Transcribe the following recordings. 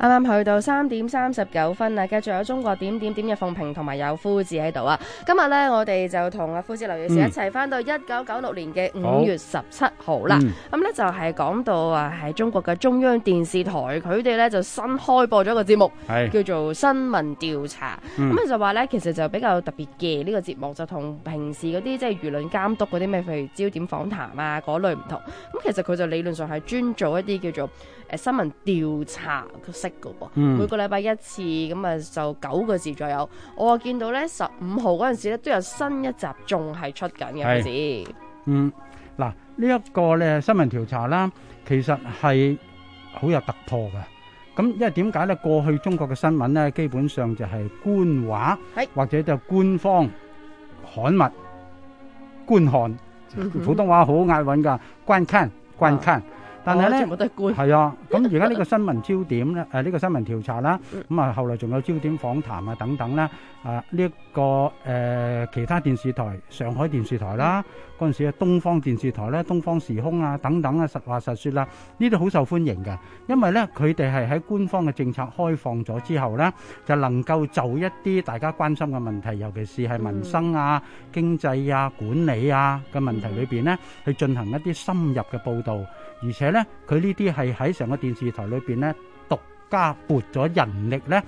啱啱去到三點三十九分啦，繼續有中國點點點嘅鳳萍同埋有夫子喺度啊！今日呢，我哋就同阿夫子劉女士一齊翻到一九九六年嘅五月十七號啦。咁呢、嗯嗯，就係、是、講到啊，喺中國嘅中央電視台，佢哋呢就新開播咗個節目，是叫做新聞調查。咁咧就話呢，嗯嗯嗯、其實就比較特別嘅呢、這個節目，就同平時嗰啲即係輿論監督嗰啲咩，譬如焦點訪談啊嗰類唔同。咁其實佢就理論上係專做一啲叫做誒、呃、新聞調查。識噶噃，每個禮拜一次，咁啊就九個字左右。我啊見到咧，十五號嗰陣時咧，都有新一集仲係出緊嘅，好似。嗯，嗱，呢一個咧新聞調查啦，其實係好有突破噶。咁因為點解咧？過去中國嘅新聞咧，基本上就係官話，或者就官方刊物，觀看，普通話好難搵噶，觀看，觀看。但係咧，係啊！咁而家呢個新聞焦點咧，誒呢個新聞調查啦，咁啊後來仲有焦點訪談啊等等啦，啊呢個誒其他電視台，上海電視台啦，嗰陣時啊東方電視台咧，東方時空啊等等啊，實話實説啦，呢啲好受歡迎嘅，因為咧佢哋係喺官方嘅政策開放咗之後咧，就能夠就一啲大家關心嘅問題，尤其是係民生啊、經濟啊、管理啊嘅問題裏邊咧，去進行一啲深入嘅報導，而且。佢呢啲係喺成個電視台裏邊咧，獨家撥咗人力咧，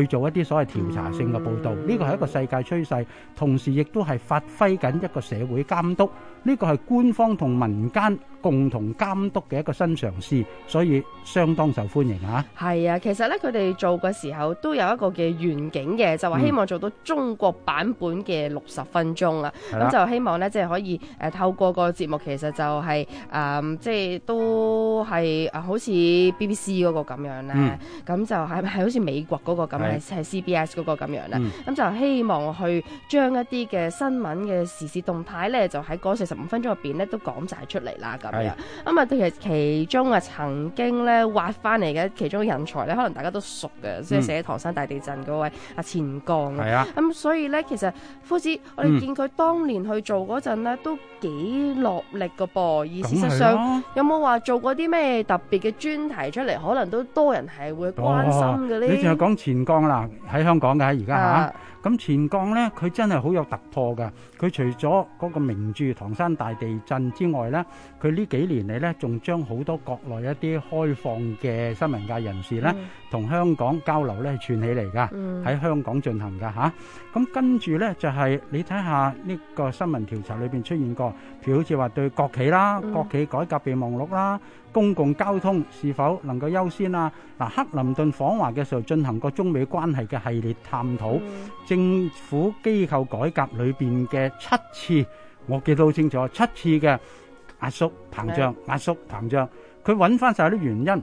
去做一啲所謂調查性嘅報導，呢個係一個世界趨勢，同時亦都係發揮緊一個社會監督，呢個係官方同民間共同監督嘅一個新嘗試，所以相當受歡迎啊！係啊，其實咧佢哋做嘅時候都有一個嘅願景嘅，就話希望做到中國版本嘅六十分鐘啊，咁就希望咧即係可以誒透過個節目，其實就係誒即係都係好似 BBC 嗰個咁樣啦，咁就係係好似美國嗰個咁。係係 CBS 嗰個咁樣啦，咁、嗯嗯、就希望去將一啲嘅新聞嘅時事動態咧，就喺嗰四十五分鐘入邊咧都講晒出嚟啦，咁樣咁啊是、嗯，其實其中啊曾經咧挖翻嚟嘅其中人才咧，可能大家都熟嘅，即係、嗯、寫唐山大地震嗰位阿錢江啊。係啊、嗯。咁所以咧，其實夫子，我哋見佢當年去做嗰陣咧，嗯、都幾落力個噃。而事實上，嗯嗯、有冇話做過啲咩特別嘅專題出嚟，可能都多人係會關心嘅咧、哦。你淨係講錢江？降啦，喺香港嘅而家嚇，咁前降咧，佢真係好有突破噶。佢除咗嗰個名著《唐山大地震》之外咧，佢呢幾年嚟咧，仲將好多國內一啲開放嘅新聞界人士咧，同香港交流咧串起嚟噶，喺香港進行噶嚇。咁跟住咧就係你睇下呢個新聞調查裏邊出現過，譬如好似話對國企啦、國企改革備忘錄啦。公共交通是否能夠優先啊？嗱，克林頓訪華嘅時候進行過中美關係嘅系列探討，嗯、政府機構改革裏邊嘅七次，我記得好清楚，七次嘅壓縮、膨脹、壓縮、膨脹，佢揾翻晒啲原因。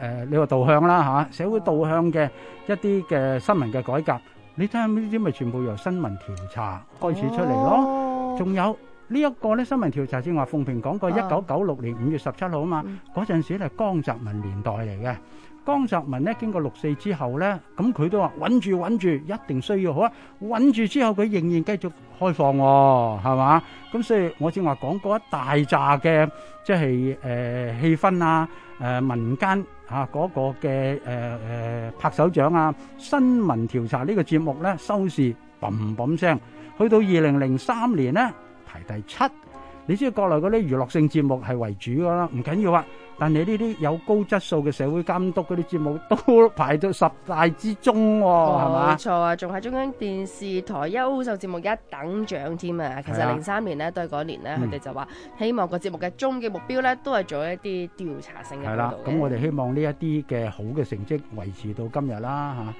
誒、呃，你話導向啦嚇、啊，社會導向嘅一啲嘅新聞嘅改革，你睇下呢啲咪全部由新聞調查開始出嚟咯。仲、oh. 有、這個、呢一個咧，新聞調查，正話奉平講過，一九九六年五月十七號啊嘛，嗰陣、oh. 時係江澤民年代嚟嘅。江澤民咧，經過六四之後咧，咁、嗯、佢都話穩住穩住，一定需要好啊！穩住之後佢仍然繼續開放喎、哦，係嘛？咁所以我先話講嗰一大扎嘅即係誒、呃、氣氛啊，誒、呃、民間吓、啊、嗰、那個嘅誒誒拍手掌啊，新聞調查呢個節目咧，收視嘭嘭聲，去到二零零三年咧，排第七。你知啦，國內嗰啲娛樂性節目係為主噶啦，唔緊要啊。但係呢啲有高質素嘅社會監督嗰啲節目都排到十大之中喎、哦，係嘛、哦？冇吧錯啊，仲係中央電視台優秀節目一等獎添啊！其實零三年咧，對嗰年呢，佢哋的、嗯、就話希望個節目嘅終極目標呢都係做一啲調查性嘅報導啦，咁我哋希望呢一啲嘅好嘅成績維持到今日啦，嚇、啊。